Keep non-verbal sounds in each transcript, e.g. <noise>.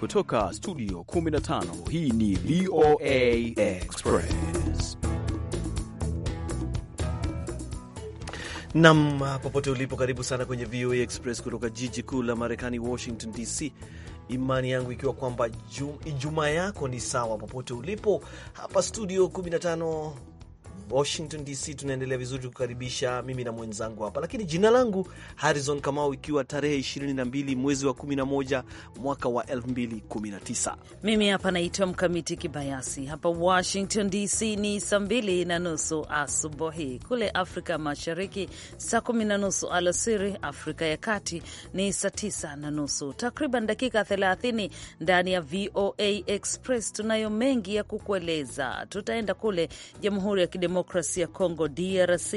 kutoka studio 15 hii ni VOA Express nam popote ulipo karibu sana kwenye VOA Express kutoka jiji kuu la Marekani Washington DC Imani yangu ikiwa kwamba Ijumaa yako ni sawa popote ulipo. Hapa studio 15 Washington DC, tunaendelea vizuri kukaribisha mimi na mwenzangu hapa lakini, jina langu Harrison Kamau, ikiwa tarehe 22 mwezi wa 11 mwaka wa 2019. Mimi hapa naitwa Mkamiti Kibayasi. Hapa Washington DC ni saa mbili na nusu asubuhi, kule Afrika Mashariki saa kumi na nusu alasiri, Afrika ya Kati ni saa tisa na nusu. Takriban dakika 30 ndani ya VOA Express tunayo mengi ya kukueleza. Tutaenda kule Jamhuri ya Kidemokrasia Kidemokrasia Kongo DRC,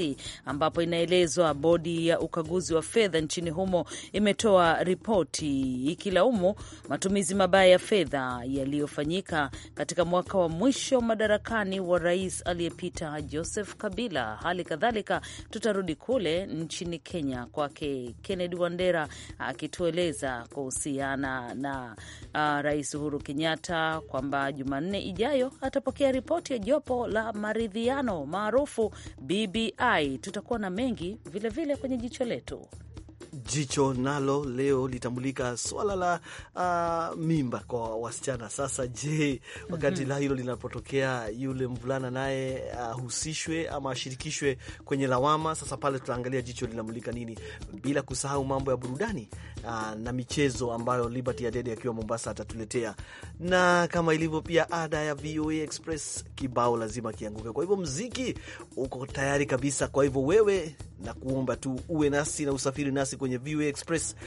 ambapo inaelezwa bodi ya ukaguzi wa fedha nchini humo imetoa ripoti ikilaumu matumizi mabaya ya fedha yaliyofanyika katika mwaka wa mwisho madarakani wa rais aliyepita Joseph Kabila. Hali kadhalika tutarudi kule nchini Kenya kwake Kennedy Wandera akitueleza kuhusiana na uh, Rais Uhuru Kenyatta kwamba Jumanne ijayo atapokea ripoti ya jopo la maridhiano maarufu BBI. Tutakuwa na mengi vilevile vile kwenye jicho letu. Jicho nalo leo litamulika swala la uh, mimba kwa wasichana. Sasa je, wakati mm -hmm. la hilo linapotokea, yule mvulana naye ahusishwe uh, ama ashirikishwe kwenye lawama? Sasa pale tutaangalia jicho linamulika nini, bila kusahau mambo ya burudani uh, na michezo ambayo Liberty Adede akiwa Mombasa atatuletea, na kama ilivyo pia ada ya VOA Express, kibao lazima kianguke. Kwa hivyo mziki uko tayari kabisa, kwa hivyo wewe na kuomba tu uwe nasi na usafiri nasi kwenye VOA Express eh,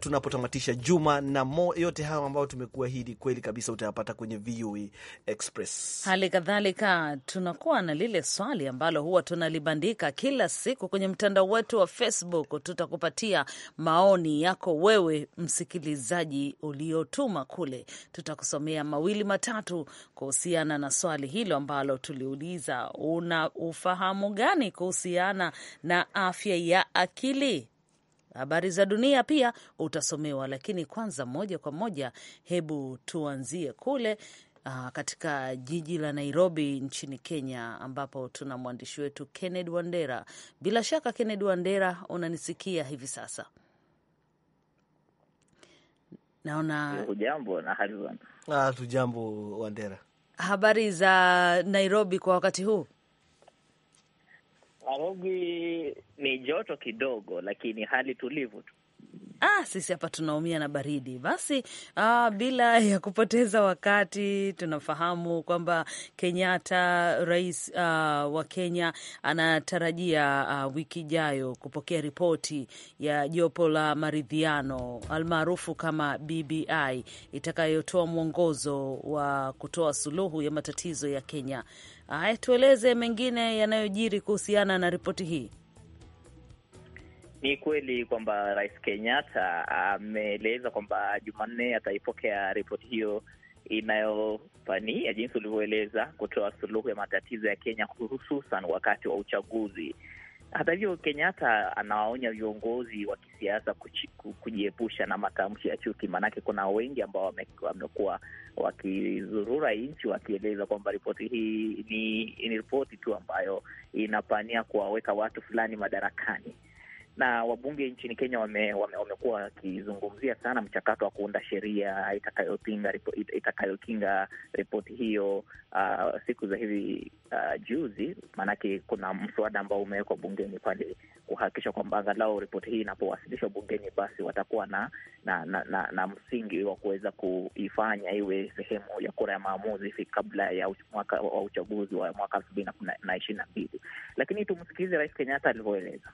tunapotamatisha tunapo juma na mo yote hayo ambayo tumekuahidi, kweli kabisa utayapata kwenye VOA Express. Hali kadhalika tunakuwa na lile swali ambalo huwa tunalibandika kila siku kwenye mtandao wetu wa Facebook. Tutakupatia maoni yako wewe msikilizaji uliotuma kule, tutakusomea mawili matatu kuhusiana na swali hilo ambalo tuliuliza, una ufahamu gani kuhusu kuhusiana na afya ya akili. Habari za dunia pia utasomewa, lakini kwanza, moja kwa moja, hebu tuanzie kule Uh, katika jiji la Nairobi nchini Kenya ambapo tuna mwandishi wetu kenned Wandera. Bila shaka Kenneth Wandera unanisikia hivi sasa? Naona hujambo na hali. Ah, tujambo Wandera. Habari za Nairobi kwa wakati huu? Nairobi ni joto kidogo, lakini hali tulivu tu ah, sisi hapa tunaumia na baridi. Basi ah, bila ya kupoteza wakati, tunafahamu kwamba Kenyatta, rais ah, wa Kenya, anatarajia ah, wiki ijayo kupokea ripoti ya jopo la maridhiano almaarufu kama BBI itakayotoa mwongozo wa kutoa suluhu ya matatizo ya Kenya. Haya, tueleze mengine yanayojiri kuhusiana na ripoti hii. Ni kweli kwamba Rais Kenyatta ameeleza kwamba Jumanne ataipokea ripoti hiyo inayopania jinsi ulivyoeleza kutoa suluhu ya matatizo ya Kenya, hususan wakati wa uchaguzi. Hata hivyo, Kenyatta anawaonya viongozi wa kisiasa kujiepusha na matamshi ya chuki, maanake kuna wengi ambao wamekuwa wakizurura nchi wakieleza kwamba ripoti hii ni, ni ripoti tu ambayo inapania kuwaweka watu fulani madarakani na wabunge nchini Kenya wamekuwa wame, wame wakizungumzia sana mchakato wa kuunda sheria itakayopinga itakayokinga ripoti hiyo. Uh, siku za hivi uh, juzi, maanake kuna mswada ambao umewekwa bungeni pale kuhakikisha kwamba angalau ripoti hii inapowasilishwa bungeni, basi watakuwa na na, na, na, na msingi wa kuweza kuifanya iwe sehemu ya kura ya maamuzi kabla ya mwaka wa uchaguzi wa mwaka elfu mbili na ishirini na mbili, lakini tumsikilize Rais Kenyatta alivyoeleza.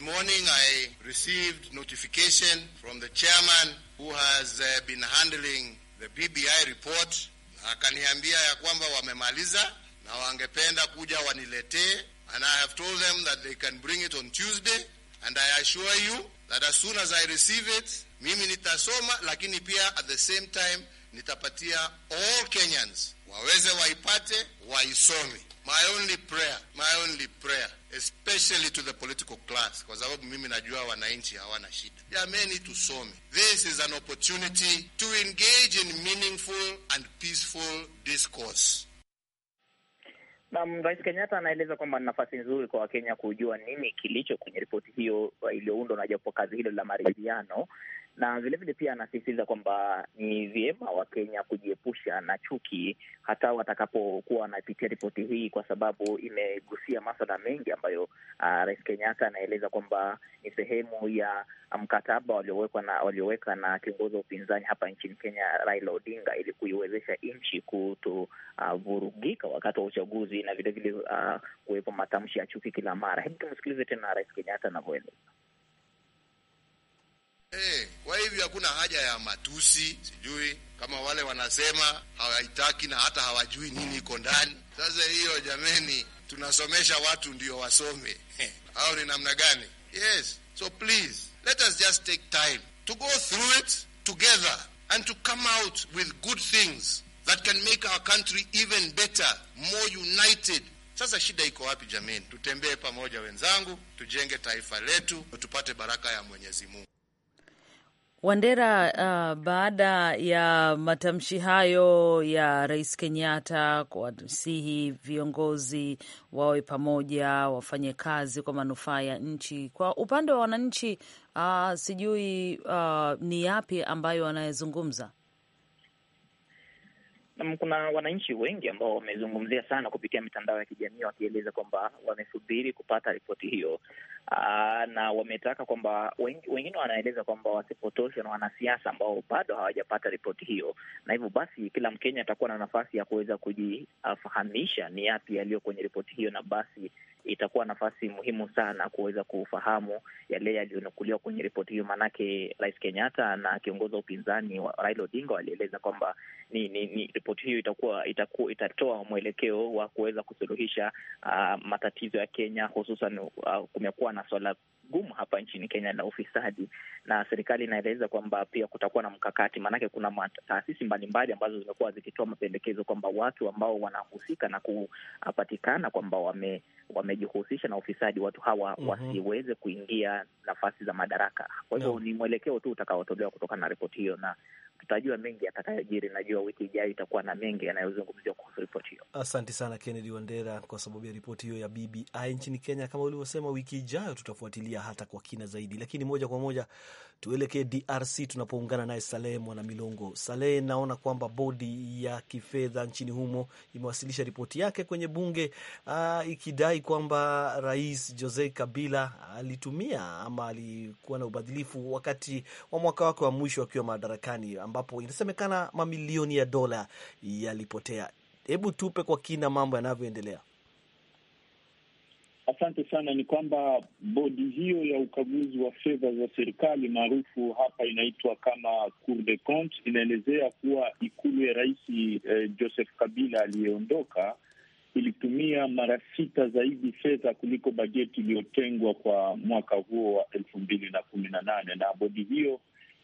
morning I received notification from the chairman who has uh, been handling the BBI report. Akaniambia ya kwamba wamemaliza na wangependa kuja waniletee, and I have told them that they can bring it on Tuesday, and I assure you that as soon as I receive it, mimi nitasoma, lakini pia at the same time nitapatia all Kenyans waweze waipate, waisome. My only prayer, my only prayer especially to the political class, kwa sababu mimi najua wananchi hawana shida. Jameni, tusome. This is an opportunity to engage in meaningful and peaceful discourse. Naam, Rais Kenyatta anaeleza kwamba ni nafasi nzuri kwa Wakenya kujua nini kilicho kwenye ripoti hiyo iliyoundwa na jopo kazi hilo la maridhiano na vilevile pia anasisitiza kwamba ni vyema Wakenya kujiepusha na chuki hata watakapokuwa wanapitia ripoti hii, kwa sababu imegusia maswala mengi ambayo uh, Rais Kenyatta anaeleza kwamba ni sehemu ya mkataba walioweka na walioweka na kiongozi wa upinzani hapa nchini Kenya Raila Odinga ili kuiwezesha nchi kutovurugika uh, wakati wa uchaguzi na vilevile uh, kuwepo matamshi ya chuki kila mara. Hebu tumsikilize tena Rais Kenyatta anavyoeleza. Eh, kwa hivyo hakuna haja ya matusi, sijui kama wale wanasema hawaitaki na hata hawajui nini iko ndani. Sasa hiyo jameni, tunasomesha watu ndio wasome <laughs> au ni namna gani? Yes, so please let us just take time to go through it together and to come out with good things that can make our country even better, more united. Sasa shida iko wapi jameni? Tutembee pamoja wenzangu, tujenge taifa letu, tupate baraka ya Mwenyezi Mungu. Wandera, uh, baada ya matamshi hayo ya Rais Kenyatta kuwasihi viongozi wawe pamoja, wafanye kazi kwa manufaa ya nchi, kwa upande wa wananchi, uh, sijui uh, ni yapi ambayo wanayezungumza kuna wananchi wengi ambao wamezungumzia sana kupitia mitandao ya kijamii wakieleza kwamba wamesubiri kupata ripoti hiyo. Aa, na wametaka kwamba wengine wanaeleza kwamba wasipotoshwe na wanasiasa ambao bado hawajapata ripoti hiyo, na hivyo basi kila Mkenya atakuwa na nafasi ya kuweza kujifahamisha ni yapi yaliyo kwenye ripoti hiyo, na basi itakuwa nafasi muhimu sana kuweza kufahamu yale yaliyonukuliwa kwenye ripoti hiyo, maanake Rais Kenyatta na kiongozi wa upinzani wa Raila Odinga walieleza kwamba ni, ni, ni ripoti hiyo itakuwa, itakuwa itatoa mwelekeo wa kuweza kusuluhisha uh, matatizo ya Kenya hususan uh, kumekuwa na swala gumu hapa nchini Kenya la ufisadi, na serikali inaeleza kwamba pia kutakuwa na mkakati, maanake kuna taasisi mbalimbali ambazo zimekuwa zikitoa mapendekezo kwamba watu ambao wanahusika na kupatikana kwamba wame, wame wamejihusisha na ufisadi, watu hawa mm -hmm. wasiweze kuingia nafasi za madaraka. Kwa hivyo no. ni mwelekeo tu utakaotolewa kutokana na ripoti hiyo, na tutajua mengi yatakayojiri. Najua wiki ijayo itakuwa na mengi yanayozungumziwa kuhusu ripoti hiyo. Asante sana Kennedy Wandera kwa sababu ya ripoti hiyo ya BBI nchini Kenya. Kama ulivyosema, wiki ijayo tutafuatilia hata kwa kina zaidi, lakini moja kwa moja Tuelekee DRC tunapoungana naye Salehe Mwana Milongo. Salehe, naona kwamba bodi ya kifedha nchini humo imewasilisha ripoti yake kwenye bunge uh, ikidai kwamba Rais Jose Kabila alitumia ama alikuwa na ubadhilifu wakati wa mwaka wake wa mwisho akiwa madarakani, ambapo inasemekana mamilioni ya dola yalipotea. Hebu tupe kwa kina mambo yanavyoendelea. Asante sana. Ni kwamba bodi hiyo ya ukaguzi wa fedha za serikali maarufu hapa inaitwa kama Cour des Comptes inaelezea kuwa ikulu ya rais eh, Joseph Kabila aliyeondoka ilitumia mara sita zaidi fedha kuliko bajeti iliyotengwa kwa mwaka huo wa elfu mbili na kumi na nane na bodi hiyo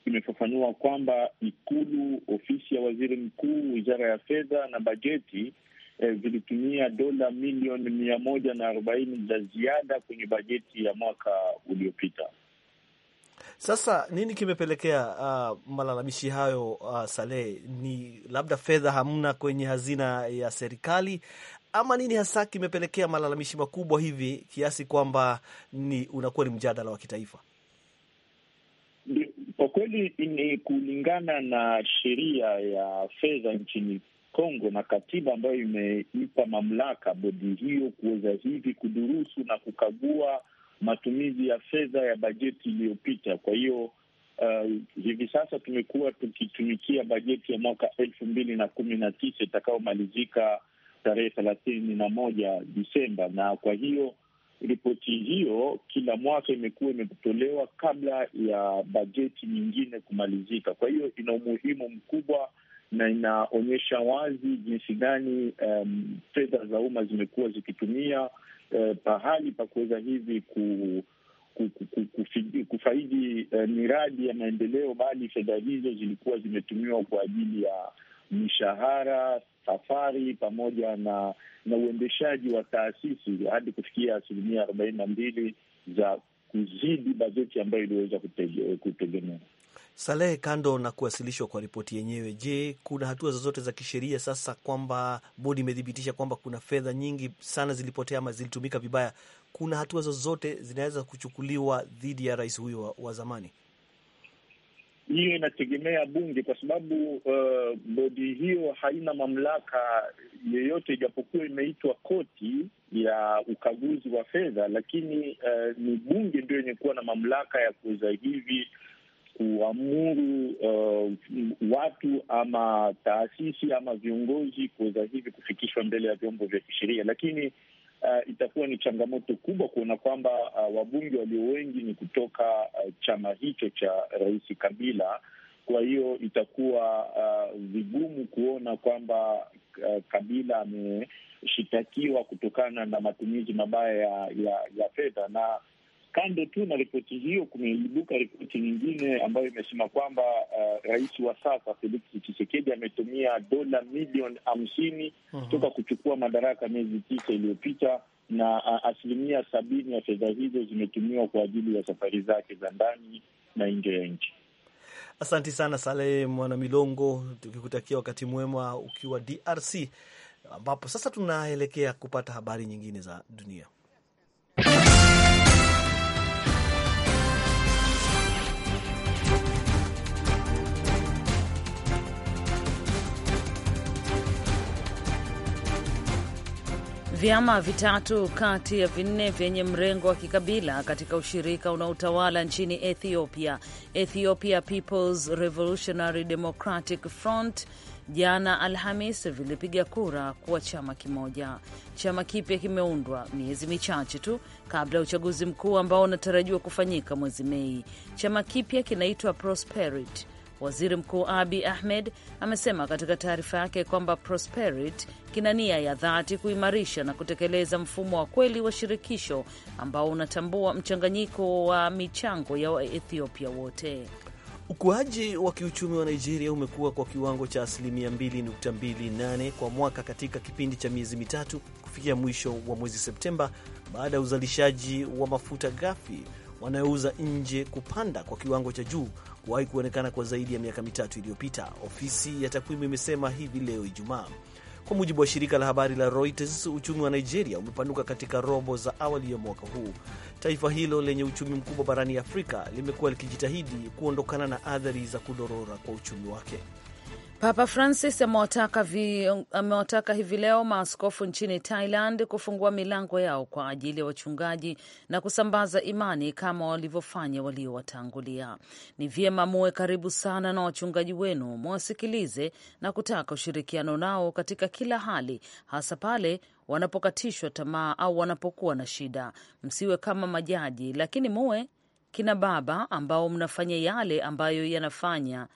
imefafanua kwamba ikulu, ofisi ya waziri mkuu, wizara ya fedha na bajeti eh, vilitumia dola milioni mia moja na arobaini za ziada kwenye bajeti ya mwaka uliopita. Sasa nini kimepelekea uh, malalamishi hayo uh, Saleh? Ni labda fedha hamna kwenye hazina ya serikali ama nini hasa kimepelekea malalamishi makubwa hivi kiasi kwamba ni unakuwa ni mjadala wa kitaifa? Kwa kweli ni kulingana na sheria ya fedha nchini kongo na katiba ambayo imeipa mamlaka bodi hiyo kuweza hivi kudurusu na kukagua matumizi ya fedha ya bajeti iliyopita. Kwa hiyo uh, hivi sasa tumekuwa tukitumikia bajeti ya mwaka elfu mbili na kumi na tisa itakayomalizika tarehe thelathini na moja Disemba, na kwa hiyo ripoti hiyo kila mwaka imekuwa imetolewa kabla ya bajeti nyingine kumalizika. Kwa hiyo ina umuhimu mkubwa na inaonyesha wazi jinsi gani um, fedha za umma zimekuwa zikitumia uh, pahali pa kuweza hivi ku, ku, ku, ku, kufaidi uh, miradi ya maendeleo, bali fedha hizo zilikuwa zimetumiwa kwa ajili ya mishahara, safari pamoja na na uendeshaji wa taasisi hadi kufikia asilimia arobaini na mbili za kuzidi bajeti ambayo iliweza kutegemea Salehe, kando na kuwasilishwa kwa ripoti yenyewe, je, kuna hatua zozote za kisheria sasa kwamba bodi imethibitisha kwamba kuna fedha nyingi sana zilipotea ama zilitumika vibaya? Kuna hatua zozote zinaweza kuchukuliwa dhidi ya rais huyo wa, wa zamani? Hiyo inategemea bunge, kwa sababu uh, bodi hiyo haina mamlaka yeyote, ijapokuwa imeitwa koti ya ukaguzi wa fedha, lakini uh, ni bunge ndio yenye kuwa na mamlaka ya kuweza hivi kuamuru uh, watu ama taasisi ama viongozi kuweza hivi kufikishwa mbele ya vyombo vya kisheria, lakini uh, itakuwa ni changamoto kubwa kuona kwamba uh, wabunge walio wengi ni kutoka uh, chama hicho cha Rais Kabila. Kwa hiyo itakuwa uh, vigumu kuona kwamba uh, Kabila ameshitakiwa kutokana na matumizi mabaya ya, ya, ya fedha na Kando tu na ripoti hiyo, kumeibuka ripoti nyingine ambayo imesema kwamba uh, rais wa sasa Felix Tshisekedi ametumia dola milioni hamsini uh -huh. toka kuchukua madaraka miezi tisa iliyopita na uh, asilimia sabini ya fedha hizo zimetumiwa kwa ajili ya safari zake za ndani na nje ya nchi. Asanti sana Saleh Mwanamilongo, tukikutakia wakati mwema ukiwa DRC, ambapo sasa tunaelekea kupata habari nyingine za dunia. Vyama vitatu kati ya vinne vyenye mrengo wa kikabila katika ushirika unaotawala nchini Ethiopia, Ethiopia Peoples Revolutionary Democratic Front, jana Alhamis vilipiga kura kuwa chama kimoja. Chama kipya kimeundwa miezi michache tu kabla ya uchaguzi mkuu ambao unatarajiwa kufanyika mwezi Mei. Chama kipya kinaitwa Prosperity Waziri Mkuu Abi Ahmed amesema katika taarifa yake kwamba Prosperit kina nia ya dhati kuimarisha na kutekeleza mfumo wa kweli wa shirikisho ambao unatambua mchanganyiko wa michango ya Waethiopia wote. Ukuaji wa kiuchumi wa Nigeria umekuwa kwa kiwango cha asilimia 2.28 kwa mwaka katika kipindi cha miezi mitatu kufikia mwisho wa mwezi Septemba baada ya uzalishaji wa mafuta ghafi wanayouza nje kupanda kwa kiwango cha juu kuwahi kuonekana kwa zaidi ya miaka mitatu iliyopita, ofisi ya takwimu imesema hivi leo Ijumaa. Kwa mujibu wa shirika la habari la Reuters, uchumi wa Nigeria umepanuka katika robo za awali ya mwaka huu. Taifa hilo lenye uchumi mkubwa barani Afrika limekuwa likijitahidi kuondokana na athari za kudorora kwa uchumi wake. Papa Francis amewataka hivi leo maaskofu nchini Thailand kufungua milango yao kwa ajili ya wachungaji na kusambaza imani kama walivyofanya waliowatangulia. Ni vyema muwe karibu sana na wachungaji wenu, mwasikilize na kutaka ushirikiano nao katika kila hali, hasa pale wanapokatishwa tamaa au wanapokuwa na shida. Msiwe kama majaji, lakini muwe kina baba ambao mnafanya yale ambayo yanafanya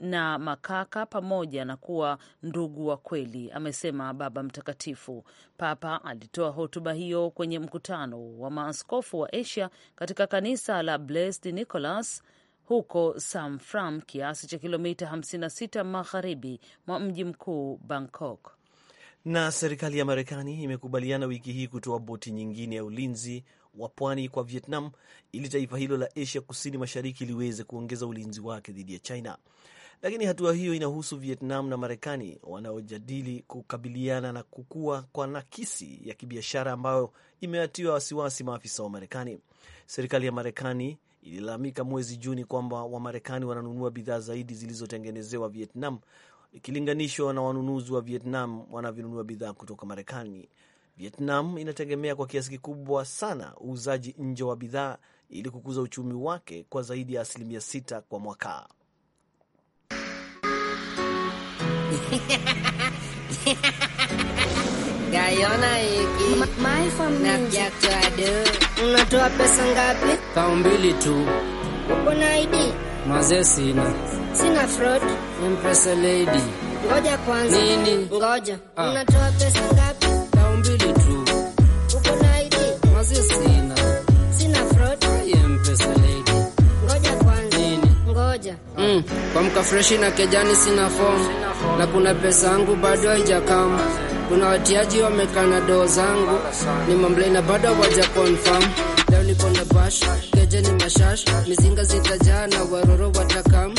na makaka pamoja na kuwa ndugu wa kweli, amesema Baba Mtakatifu. Papa alitoa hotuba hiyo kwenye mkutano wa maaskofu wa Asia katika kanisa la Blessed Nicholas huko Samfram, kiasi cha kilomita 56 magharibi mwa mji mkuu Bangkok. Na serikali ya Marekani imekubaliana wiki hii kutoa boti nyingine ya ulinzi wa pwani kwa Vietnam ili taifa hilo la Asia kusini mashariki liweze kuongeza ulinzi wake dhidi ya China lakini hatua hiyo inahusu Vietnam na Marekani wanaojadili kukabiliana na kukua kwa nakisi ya kibiashara ambayo imeatiwa wasiwasi maafisa wa Marekani. Serikali ya Marekani ililalamika mwezi Juni kwamba Wamarekani wananunua bidhaa zaidi zilizotengenezewa Vietnam ikilinganishwa na wanunuzi wa Vietnam wanavyonunua bidhaa kutoka Marekani. Vietnam inategemea kwa kiasi kikubwa sana uuzaji nje wa bidhaa ili kukuza uchumi wake kwa zaidi ya asilimia sita kwa mwaka. <laughs> Gayona hiki nakiakwade, unatoa pesa ngapi? Pao mbili tu. Uko na ID? Maze sina, sina fraud. Impress lady, ngoja kwanza. Nini? Ngoja. Ah. Unatoa pesa ngapi? Pao mbili tu. Uko na ID? Maze sina mm. Kwa mka freshi na kejani sina fomu na kuna pesa yangu bado haijakama. Kuna watiaji wamekana doo zangu ni mamlaina na bado waja confirm. Leo niko na bash keje ni mashash mizinga zitajaa na waroro watakamu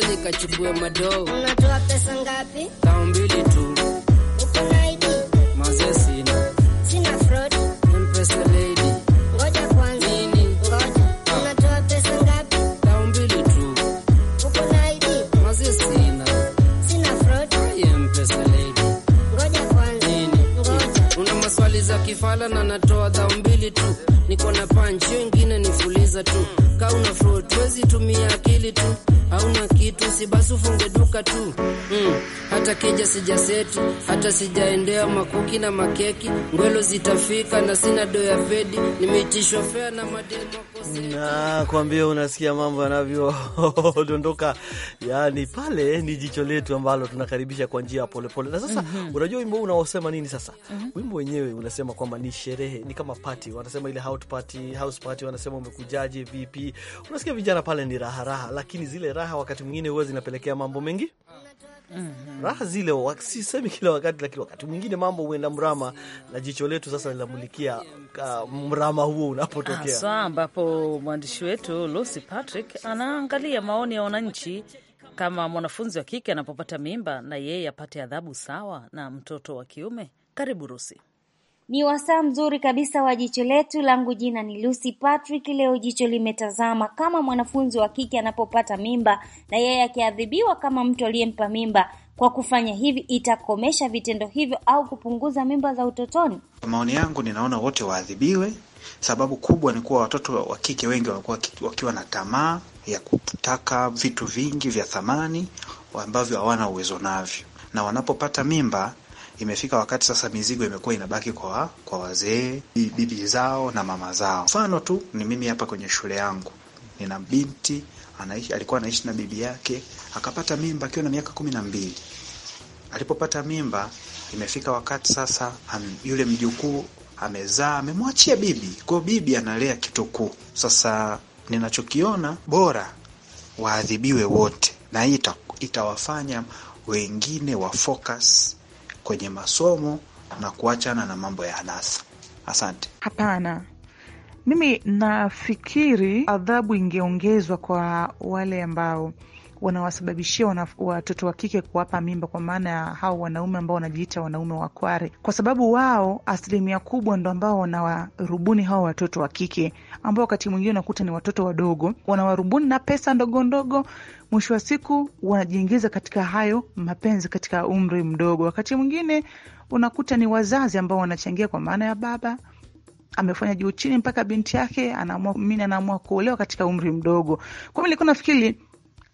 pesa nikachukue madoo. Unatoa pesa ngapi? Tao mbili tu. Uko na ID? sina. Sina fraud. Mpesa lady. Ngoja kwanza. Nini? Ngoja. Unatoa pesa ngapi? Tao mbili tu. Uko na ID? sina. Sina fraud. Mpesa lady. Ngoja kwanza. Nini? Ngoja. Una maswali za kifala na natoa tao mbili tu. Niko na punch nyingi. nifunge duka tu mm. Hata kija sijaseti, hata sijaendea makuki na makeki, ngwelo zitafika na sina do ya fedi nimeitishwa fea na madini Nakwambia, ah, unasikia mambo yanavyodondoka <laughs> yani, pale ni jicho letu ambalo tunakaribisha kwa njia ya polepole. Na sasa mm -hmm. Unajua wimbo unaosema nini sasa? mm -hmm. Wimbo wenyewe unasema kwamba ni sherehe, ni kama pati, wanasema ile house party, house party, wanasema umekujaje, vipi? Unasikia vijana pale ni raha raha, lakini zile raha wakati mwingine huwa zinapelekea mambo mengi -hmm. Raha zile sisemi kila wakati, lakini wakati mwingine mambo huenda mrama, na jicho letu sasa linamulikia uh, mrama huo unapotokea hasa, ambapo mwandishi wetu Lucy Patrick anaangalia maoni ya wananchi kama mwanafunzi wa kike anapopata mimba na yeye apate adhabu sawa na mtoto wa kiume. Karibu Rusi. Ni wasaa mzuri kabisa wa jicho letu. Langu jina ni Lucy Patrick. Leo jicho limetazama kama mwanafunzi wa kike anapopata mimba na yeye akiadhibiwa kama mtu aliyempa mimba kwa kufanya hivi itakomesha vitendo hivyo au kupunguza mimba za utotoni? Kwa maoni yangu, ninaona wote waadhibiwe. Sababu kubwa ni kuwa watoto wa kike wengi wamekuwa wakiwa na tamaa ya kutaka vitu vingi vya thamani ambavyo hawana uwezo navyo, na wanapopata mimba imefika wakati sasa mizigo imekuwa inabaki kwa, kwa wazee bibi zao na mama zao. Mfano tu ni mimi hapa kwenye shule yangu nina binti anaishi, alikuwa anaishi na bibi yake akapata mimba akiwa na miaka kumi na mbili. Alipopata mimba imefika wakati sasa am, yule mjukuu amezaa amemwachia bibi, kwa bibi analea kitukuu. Sasa ninachokiona bora waadhibiwe wote, na hii ita, itawafanya wengine wa focus kwenye masomo na kuachana na mambo ya anasa. Asante. Hapana, mimi nafikiri adhabu ingeongezwa kwa wale ambao wanawasababishia watoto wa kike kuwapa mimba, kwa maana ya hao wanaume ambao wanajiita wanaume wa kware, kwa sababu wao asilimia kubwa ndo ambao wanawarubuni hao watoto wa kike, ambao wakati mwingine unakuta ni watoto wadogo, wanawarubuni na pesa ndogo ndogo mwisho wa siku wanajiingiza katika hayo mapenzi katika umri mdogo. Wakati mwingine unakuta ni wazazi ambao wanachangia, kwa maana ya baba amefanya juu chini mpaka binti yake anaamua mimi, anaamua kuolewa katika umri mdogo. Kwa hiyo nilikuwa nafikiri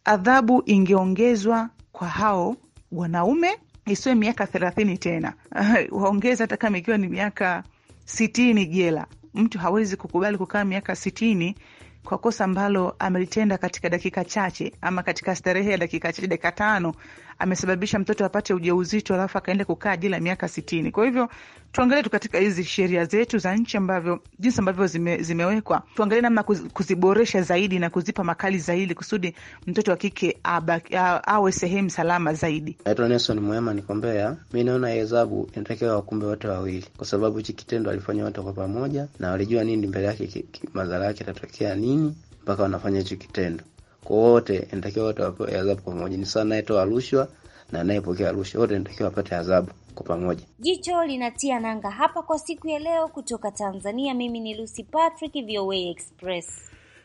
adhabu ingeongezwa kwa hao wanaume isiwe miaka thelathini tena <laughs> waongeza hata kama ikiwa ni miaka sitini jela. Mtu hawezi kukubali kukaa miaka sitini kwa kosa ambalo amelitenda katika dakika chache ama katika starehe ya dakika chache, dakika tano amesababisha mtoto apate ujauzito alafu akaenda kukaa jela miaka sitini. Kwa hivyo tuangalie tu katika hizi sheria zetu za nchi ambavyo jinsi ambavyo zime, zimewekwa tuangalie namna kuziboresha zaidi na kuzipa makali zaidi kusudi mtoto wa kike awe sehemu salama zaidi. Naitwa Nelson Mwema Nikombea. Mi naona hesabu inatakiwa wakumbe wote wawili, kwa sababu hichi kitendo walifanya wote kwa pamoja na walijua nini mbele yake, madhara yake itatokea nini mpaka wanafanya hicho kitendo. Kwa wote inatakiwa wote wapewe adhabu pamoja. Ni sawa anayetoa rushwa na anayepokea rushwa, wote inatakiwa wapate adhabu kwa pamoja. Jicho linatia nanga hapa kwa siku ya leo, kutoka Tanzania. Mimi ni Lucy Patrick, VOA Express.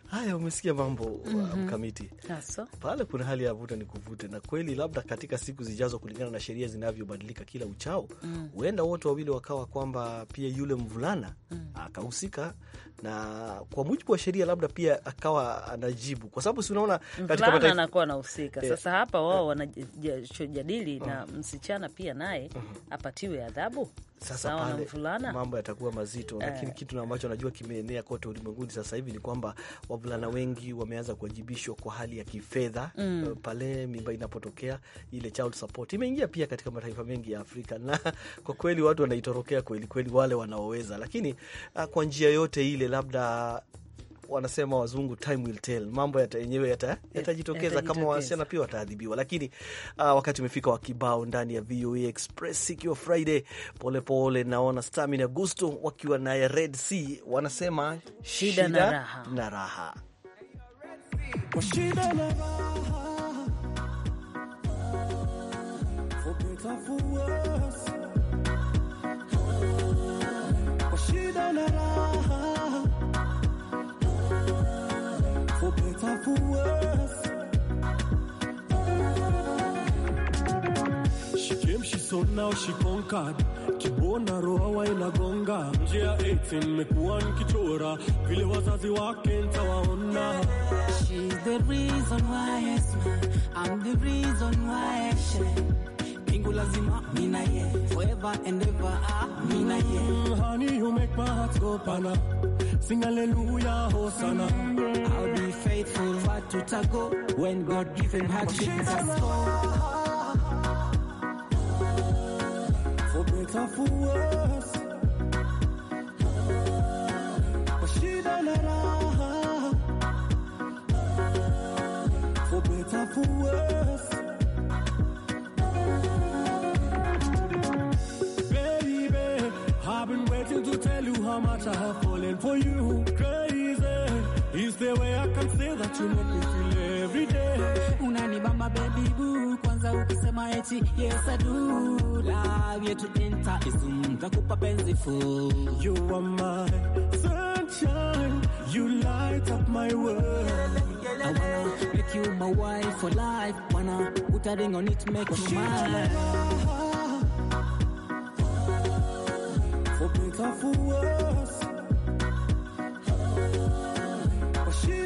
Haya, umesikia mambo uh, mhm. mkamiti. mm -hmm. Yes, pale kuna hali ya vuta ni kuvute, na kweli labda katika siku zijazo, kulingana na sheria zinavyobadilika kila uchao, mm. huenda mm. wote wawili wakawa kwamba pia yule mvulana mm. akahusika na kwa mujibu wa sheria labda pia akawa anajibu, kwa sababu si unaona katika mataifa anakuwa anahusika Yeah. Sasa hapa wao eh. wanajadili na mm. msichana pia naye mm-hmm. apatiwe adhabu sasa pale mambo yatakuwa mazito eh. Lakini kitu ambacho najua kimeenea kote ulimwenguni sasa hivi ni kwamba wavulana wengi wameanza kuwajibishwa kwa hali ya kifedha mm. Eh, pale mimba inapotokea ile child support imeingia pia katika mataifa mengi ya Afrika, na <laughs> kwa kweli watu wanaitorokea kweli kweli, wale wanaoweza, lakini ah, kwa njia yote ile, labda wanasema wazungu time will tell, mambo yenyewe yatajitokeza yata, yata kama wasichana pia wataadhibiwa. Lakini uh, wakati umefika wa kibao ndani ya VOA Express ikiwa Friday. Polepole naona Stamina Gusto wakiwa naye Red Sea wanasema shida, shida na raha, na raha. Shida na raha. so now she conquered. Kibona roa inagonga nje ya 18 nimekuwa nikichora vile wazazi wake ntawaona. She's the reason why I am the reason why I shine. Pingu lazima mina ye, forever and ever ah, mina ye. Mm, honey, you make my heart go pana. Sing hallelujah, hosanna. I'll be faithful, what to tago when God given her chance. Baby, I've been waiting to tell you how much I have fallen for you. Girl, is the way I can say that you make me feel every day. Unani bamba baby boo, kwanza ukisema eti yes I do. Love you to enter isum, nakupa penzi full. You are my sunshine, you light up my world. I wanna make you my wife for life. Wanna put a ring on it, make you mine. For better for worse.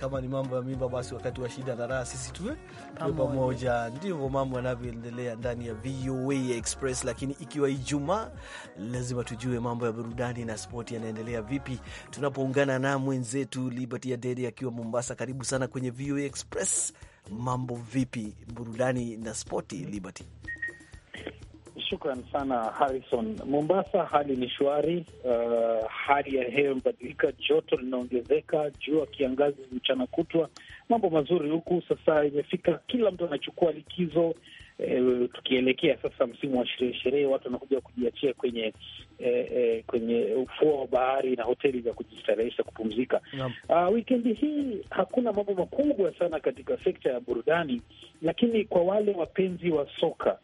kama ni mambo ya mimba, basi wakati wa shida na raha sisi tuwe pamoja. Ndivyo mambo yanavyoendelea ndani ya VOA Express, lakini ikiwa Ijumaa lazima tujue mambo ya burudani na spoti yanaendelea vipi, tunapoungana na mwenzetu Liberty Adede akiwa Mombasa. Karibu sana kwenye VOA Express. Mambo vipi, burudani na spoti, Liberty? Shukran sana Harrison. Mombasa hali ni shwari. Uh, hali ya hewa imebadilika, joto linaongezeka, jua kiangazi mchana kutwa, mambo mazuri huku. Sasa imefika kila mtu anachukua likizo. E, tukielekea sasa msimu wa sherehe sherehe, watu wanakuja kujiachia kwenye e, e, kwenye ufuo wa bahari na hoteli za kujistarehesha kupumzika. Yeah. Uh, wikendi hii hakuna mambo makubwa sana katika sekta ya burudani, lakini kwa wale wapenzi wa soka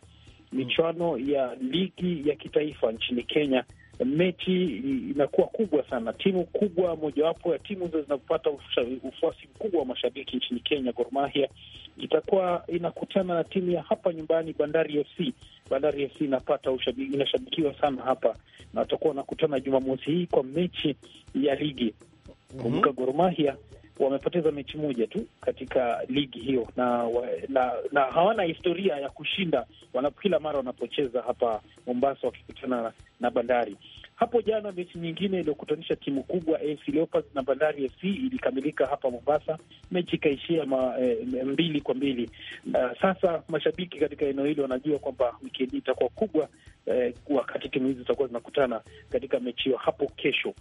michuano ya ligi ya kitaifa nchini Kenya, mechi inakuwa kubwa sana. Timu kubwa mojawapo ya timu hizo zinapata ufuasi mkubwa wa mashabiki nchini Kenya, Gor Mahia itakuwa inakutana na timu ya hapa nyumbani Bandari FC. Bandari FC inapata ushabiki, inashabikiwa sana hapa na watakuwa wanakutana Jumamosi hii kwa mechi ya ligi. Kumbuka, mm -hmm. Gor Mahia wamepoteza mechi moja tu katika ligi hiyo na, wa, na, na hawana historia ya kushinda wanapo, kila mara wanapocheza hapa Mombasa wakikutana na Bandari. Hapo jana mechi nyingine iliyokutanisha timu kubwa AFC Leopards na Bandari FC ilikamilika hapa Mombasa, mechi ikaishia ma, e, mbili kwa mbili. Uh, sasa mashabiki katika eneo hili wanajua kwamba wikendi itakuwa kubwa eh, wakati timu hizi zitakuwa zinakutana katika mechi hiyo hapo kesho.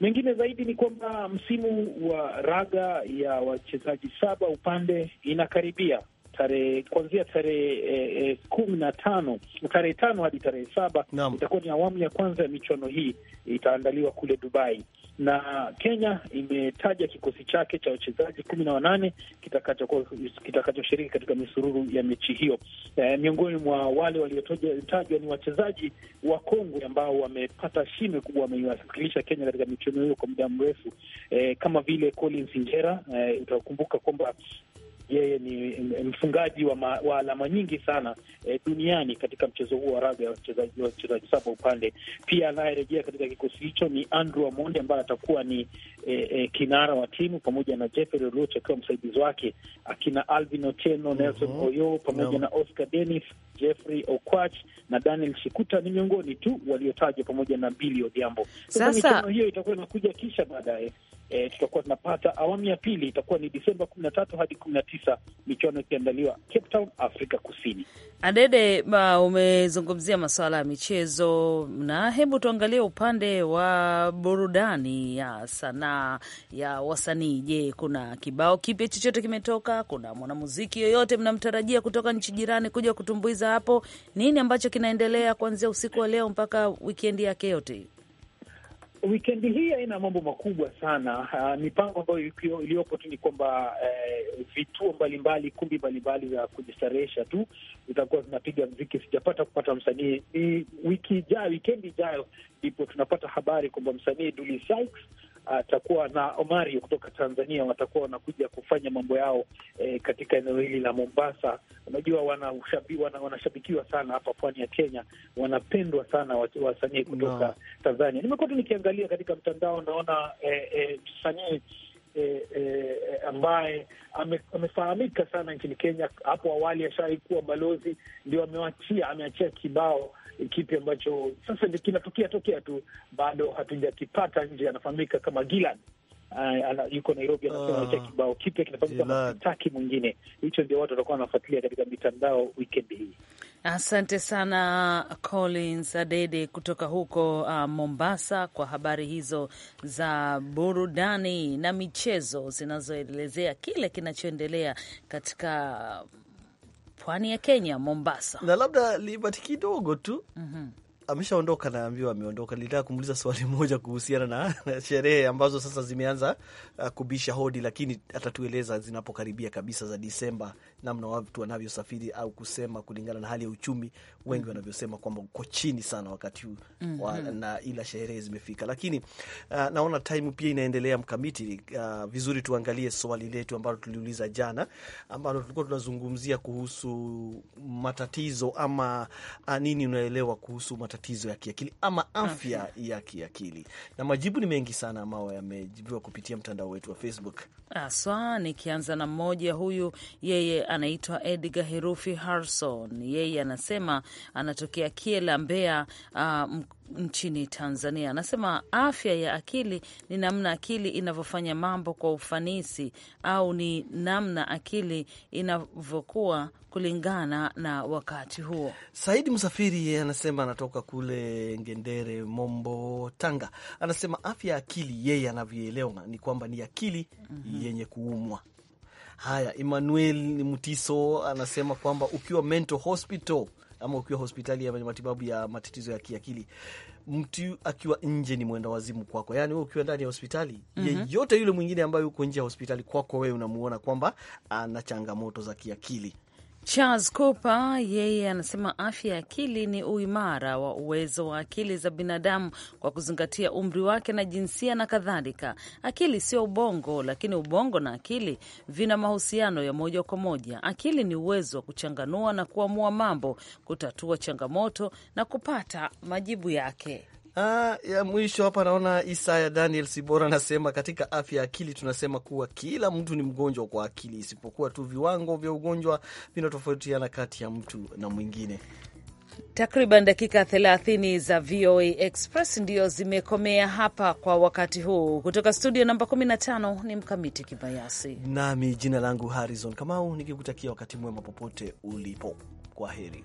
Mengine zaidi ni kwamba msimu wa raga ya wachezaji saba upande inakaribia tarehe kuanzia tarehe eh, eh, kumi na tano tarehe tano hadi tarehe saba itakuwa ni awamu ya kwanza ya michuano hii itaandaliwa kule Dubai na Kenya imetaja kikosi chake cha wachezaji kumi na wanane kitakachoshiriki katika misururu ya mechi hiyo. E, miongoni mwa wale waliotajwa ni wachezaji wa kongwe ambao wamepata shime kubwa, wameiwakilisha Kenya katika michuano hiyo kwa muda mrefu, e, kama vile Collins Injera. E, utakumbuka kwamba yeye ni mfungaji wa, ma, wa alama nyingi sana e, duniani katika mchezo huo wa raga ya wachezaji saba upande. Pia anayerejea katika kikosi hicho ni Andrew Amonde ambaye atakuwa ni e, e, kinara wa timu pamoja na Jeffrey Oluoch akiwa msaidizi wake, akina Alvin Otieno, Nelson uh mhm. -huh. Oyo pamoja no. na Oscar Dennis, Jeffrey Okwach na Daniel Shikuta ni miongoni tu waliotajwa pamoja na Billy Odhiambo. Sasa hiyo itakuwa inakuja kisha baadaye E, tutakuwa tunapata awamu ya pili, itakuwa ni Disemba kumi na tatu hadi kumi na tisa, michuano ikiandaliwa Cape Town, Afrika Kusini. Adede, umezungumzia masuala ya michezo, na hebu tuangalie upande wa burudani ya sanaa ya wasanii. Je, kuna kibao kipya chochote kimetoka? Kuna mwanamuziki yoyote mnamtarajia kutoka nchi jirani kuja kutumbuiza hapo? Nini ambacho kinaendelea kuanzia usiku wa leo mpaka wikendi yake yote? Wikendi hii haina mambo makubwa sana. Uh, mipango ambayo iliyopo tu ni kwamba eh, vituo mbalimbali, kumbi mbalimbali za kujistarehesha tu zitakuwa zinapiga mziki. Sijapata kupata msanii, ni wiki ijayo, wikendi ijayo ndipo tunapata habari kwamba msanii Dully Sykes atakuwa na Omario kutoka Tanzania, watakuwa wanakuja kufanya mambo yao e, katika eneo hili la Mombasa. Unajua wanashabi, wana, wanashabikiwa sana hapa pwani ya Kenya, wanapendwa sana wasanii kutoka no. Tanzania. Nimekuwa tu nikiangalia katika mtandao naona e, e, msanii E, e, ambaye ame, amefahamika sana nchini Kenya. Hapo awali ashawahi kuwa balozi, ndio amewachia ameachia kibao kipi ambacho sasa kinatokea tokea tu, bado hatujakipata nje. Anafahamika kama Gilan eh, yuko Nairobi anasema ah. cha kibao kipya kinafanyika mataki mwingine. Hicho ndio watu watakuwa wanafuatilia katika mitandao wikendi hii. Asante sana Collins Adede kutoka huko uh, Mombasa kwa habari hizo za burudani na michezo zinazoelezea kile kinachoendelea katika pwani ya Kenya, Mombasa. Na labda libati kidogo tu mm -hmm ameshaondoka naambiwa ameondoka. Nilitaka kumuuliza swali <laughs> moja kuhusiana na, na sherehe ambazo sasa zimeanza uh, kubisha hodi, lakini atatueleza zinapokaribia kabisa za Disemba, namna watu wanavyosafiri au kusema kulingana na hali ya uchumi, wengi mm. wanavyosema kwamba uko chini sana wakati huu mm -hmm. na ila sherehe zimefika, lakini uh, naona time pia inaendelea mkamiti uh, vizuri. Tuangalie swali letu ambalo tuliuliza jana, ambalo tulikuwa tunazungumzia kuhusu matatizo ama uh, nini unaelewa kuhusu matatizo matatizo ya kiakili ama afya okay, ya kiakili. Na majibu ni mengi sana ambayo yamejibiwa kupitia mtandao wetu wa Facebook haswa, nikianza na mmoja huyu, yeye anaitwa Edgar Herufi Harson. Yeye anasema anatokea Kiela, Mbeya, uh, nchini Tanzania. Anasema afya ya akili ni namna akili inavyofanya mambo kwa ufanisi, au ni namna akili inavyokuwa kulingana na wakati huo. Saidi Msafiri anasema anatoka kule Ngendere, Mombo, Tanga. Anasema afya ya akili yeye anavyoelewa ni kwamba ni akili mm -hmm. yenye kuumwa. Haya, Emmanuel mtiso anasema kwamba ukiwa mental hospital ama ukiwa hospitali ya matibabu ya matatizo ya kiakili, mtu akiwa nje ni mwenda wazimu kwako. Yani wewe ukiwa ndani ya hospitali mm -hmm. yeyote yule mwingine ambaye uko nje ya hospitali kwako, wewe unamuona kwamba ana changamoto za kiakili Charles Cooper yeye anasema afya ya akili ni uimara wa uwezo wa akili za binadamu kwa kuzingatia umri wake na jinsia na kadhalika. Akili sio ubongo, lakini ubongo na akili vina mahusiano ya moja kwa moja. Akili ni uwezo wa kuchanganua na kuamua mambo, kutatua changamoto na kupata majibu yake. Ah, ya mwisho hapa naona Isaya Daniel Sibora anasema katika afya ya akili tunasema kuwa kila mtu ni mgonjwa kwa akili, isipokuwa tu viwango vya ugonjwa vinatofautiana kati ya mtu na mwingine. Takriban dakika 30 za VOA Express ndio zimekomea hapa kwa wakati huu. Kutoka studio namba 15 ni Mkamiti Kibayasi nami jina langu Harrison Kamau, nikikutakia wakati mwema popote ulipo. Kwa heri.